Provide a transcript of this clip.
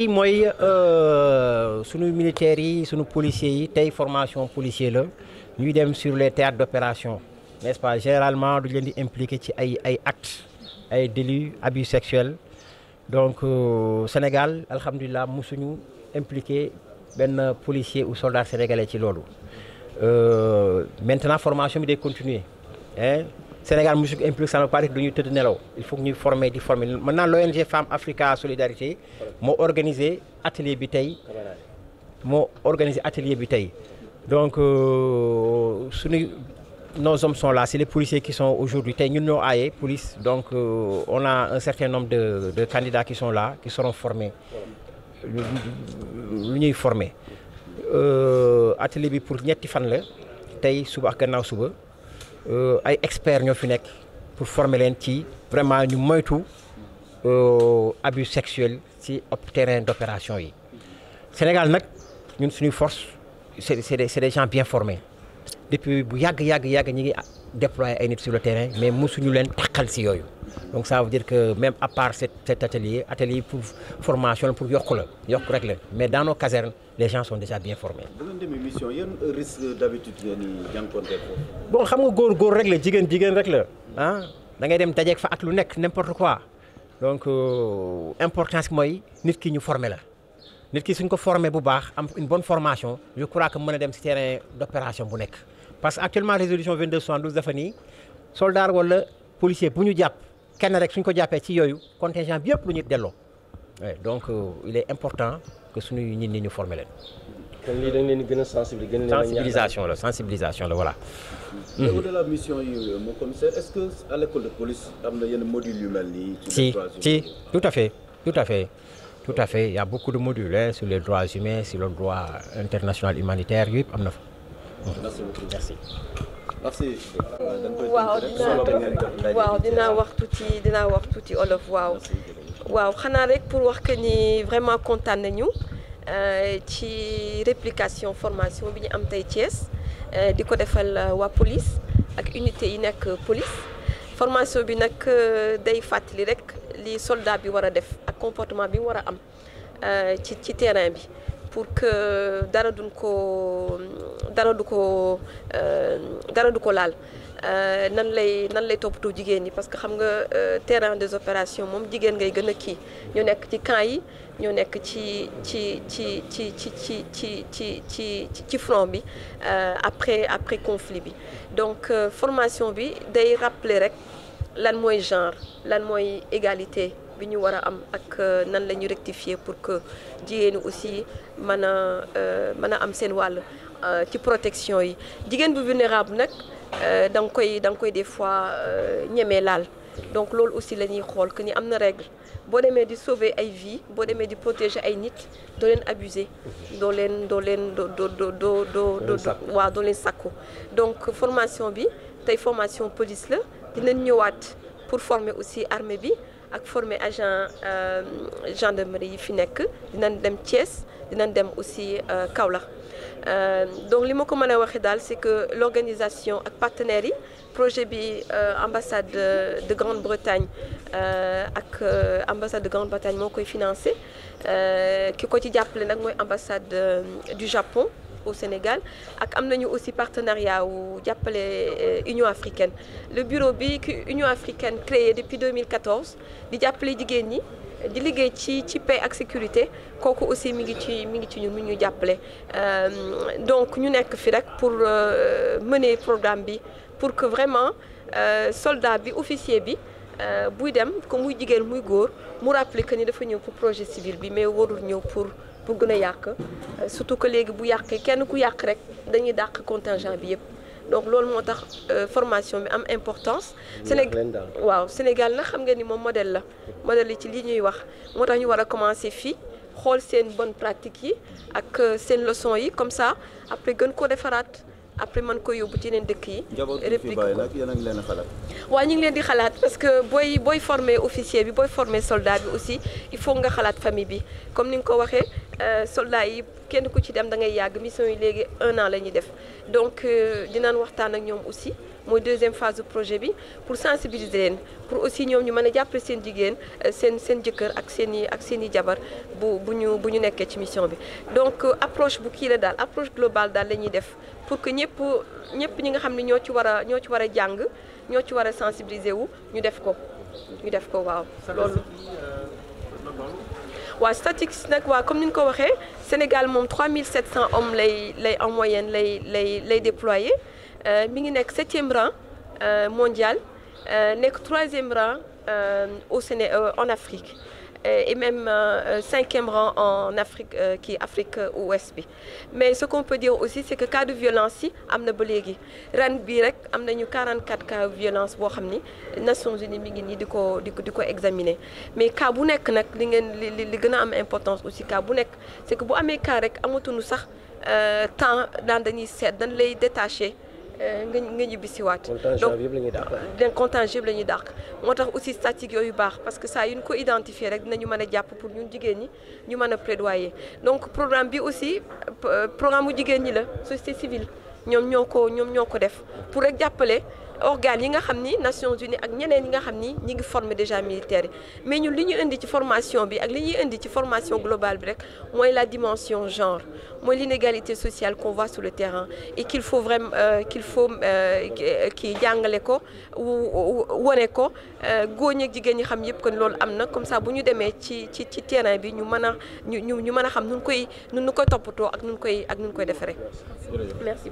lii mooy euh, sunu militaires yi sunu policiers yi tey formation policier la ñuy dem sur les théâtres d'opération n'est-ce pas généralement du leen di impliqué ci ay ay actes ay délits abus sexuels donc euh, Sénégal mu suñu impliqué benn policier ou soldat sénégalais ci loolu euh, maintenant formation bi day continuer hein Sénégal musu ko impliqué ça ne du ñu tëdd nelaw il faut que ñuy former di former maintenant l'ONG Femmes Africa Solidarité moo organiser atelier bi tey moo organiser atelier bi tey donc euh, suñu nos hommes sont là c'est les policiers qui sont aujourd'hui tey ñun ñoo aaye police donc euh, on a un certain nombre de de candidats qui sont là qui seront formés lu ñuy formé euh, atelier bi pour ñetti fan la tey suba ak gannaaw suba Euh, ay experts ñoo fi nekk pour former leen ci vraiment ñu moytu euh, abus sexuels ci terrain d' opération yi Sénégal nag ñun suñu force c' est c' est des gens bien formés. depuis bu yàgg yàgg yàgg ñi ngi déployer ay nit sur le terrain mais mosuñu leen taxal si yooyu donc ça veut dire que même à part cet cet atelier atelier pour formation pour yokk la yokk rek la mais dans nos casernes les gens sont déjà bien formés. bu ngeen demee mission xam nga góor góor rek la jigéen jigéen rek la ah da ngay dem dajeeg fa at lu nekk n'importe quoi donc euh, importance mooy nit ki ñu formé la. nit ki suñ ko formé bu baax am une bon formation je crois que mën a dem si terrain d'opération bu nekk. parce que actuellement résolution 2272 dafa nii soldat wala policier bu ñu jàpp kenn rek suñ ko jàppee ci yooyu contingent bi yëpp lu ñu delloo. donc euh, il est important que suñu nit ñi ñu former leen. kon lii gën a sensibiliser gën leen sensibilisation la sensibilisation la voilà. au delà de la mission yi euh, mon commissaire est ci ci tout à fait tout à fait. tout à fait il y a de modules hein, sur les droits humains sur le droit international humanitaire yëpp am na merci. waaw dinaa waaw dinaa wax tuuti dinaa wax waaw. waaw xanaa rek pour wax que ni vraiment kontaan nañu euh, ci réplication formation bi ñu am tey Thiès euh, di ko defal euh, waa police ak unité yi nekk police formation bi nag day fàttali rek li soldat bi war a def ak comportement bi mu war a am ci ci terrain bi. pour que dara ko dara du ko euh, dara du ko laal euh, nan lay nan lay toppatoo jigéen ñi parce que xam nga euh, terrain des opérations moom jigéen ngay gën a kii ñu nekk ci camp yi ñoo nekk ci ci ci ci ci ci ci ci ci ci front bi après après conflit bi donc formation bi day rappeler rek lan mooy genre lan mooy égalité bi ñu war a am ak euh, nan la ñu rectifier pour que jigéen aussi mën a euh, mën a am seen wàll euh, ci protection yi jigéen bu vulnérable nag da nga koy da nga koy des fois ñemee laal donc loolu aussi la ñuy xool que ni am na règle boo demee di sauver ay vie boo demee di protéger ay nit doo leen abuser doo leen doo leen doo doo doo doo doo waaw doo leen sàkku donc formation bi tey formation police la dinañ ñëwaat pour former aussi armée bi ak former agent euh, gendarmerie yi fi nekk dinañ dem Thiès dinañ dem aussi euh, Kaolack euh, donc li ma ko mën a waxee daal c'est que l'organisation ak partenaires yi projet bi ambassade de Grande-Bretagne ak ambassade de Grande-Bretagne moo koy financé ki ko ci jàppale nag mooy ambassade du Japon au Sénégal ak am nañu aussi partenariat wu jàppale euh, Union africaine le bureau bi Union africaine créé depuis 2014 di jàppale jigéen ñi di liggéey ci ci paix ak sécurité kooku aussi mi ngi ci mi ngi ci ñun mi ñu jàppale euh, donc ñu nekk fi rek pour euh, mëne programme bi pour que vraiment soldat bi officier bi buy dem ko muy jigéen muy góor mu rappeler que ni dafa ñëw pour projet civil bi mais warul ñëw pour pour gën a yàq euh, surtout que léegi bu yàqee kenn ku yàq rek dañuy dàq contingent bi yëpp donc loolu moo tax euh, formation bi am importance. Sénégal waaw Sénégal nag xam nga ni moom modèle la modèle yi ci li ñuy wax moo tax ñu war a commencer fi xool seen bonne pratique yi ak euh, seen leçon yi comme ça après gën ko defaraat après mën ko yóbbu ci yeneen dëkk yi. réplique ko nag a ngi leen xalaat. waaw ñu ngi leen di xalaat parce que booy booy former officier bi booy former soldat bi aussi il faut Euh, soldats yi kenn ku ci dem da ngay yàgg mission yi léegi un an la ñuy def donc euh, dinaan waxtaan ak ñoom aussi mooy deuxième phase du projet bi pour sensibiliser pour aussi ñoom ñu mën a jàppale seen jigéen euh, seen seen jëkkër ak seeni ak seen i jabar bu bu ñu bu ñu nekkee ci mission bi. donc approche bu kii la daal approche globale daal lañuy def pour que ñëpp ñëpp ñi nga xam ne ñoo ci war a ñoo ci war a jàng ñoo ci war a sensibiliser wu ñu def ko ñu def ko waaw loolu. waa statistiques nag waa comme ni ñu ko waxee Sénégal moom 3700 hommes lay lay en moyenne lay lay lay déployé euh, mi ngi nekk septième rang euh, mondial euh, nekk troisième rang au Séné en Afrique. Euh, et même euh, euh, cinquième rang en Afrique kii Afrique ouest bi mais ce qu'on peut dire aussi c'est que cas de violence yi am na ba léegi ren bii rek am nañu 44 cas de violence boo xam ni Nations Unies mi ngi nii di ko di di ko examiner mais cas bu nekk nag li ngeen li li gën a am importance aussi cas bu nekk c'est que bu amee cas rek amatuñu sax temps daan dañuy seet dañ lay détacher. Euh, nga nga ñibbisiwaat. donc euh, donc comptage yëpp la ñuy dàq. moo tax aussi statistique yooyu baax parce que saa yu ñu ko identifier rek dinañu mën a jàpp pour ñu jigéen ñi ñu mën a plaidoyer donc programme bi aussi programme mu jigéen ñi la société civile ñoom ñoo ko ñoom ñoo ko def pour rek jàppale. organes yi nga xam ni Nations Unies ak ñeneen yi nga xam ni ñi ngi former déjà militaires yi mais ñun li ñu indi ci formation bi ak li ñuy indi ci formation globale bi rek mooy la dimension genre mooy l'inégalité sociale qu'on sur le terrain et qu'il faut vraiment euh, qu'il faut euh, kii euh, jàngale ko wone ko góor ñi jigéen ñi xam yëpp kon loolu am na comme ça bu ñu demee ci ci ci terrain bi ñu mën a ñu ñu mën a xam nu koy nu koy toppatoo ak nu koy ak nu koy defaree. merci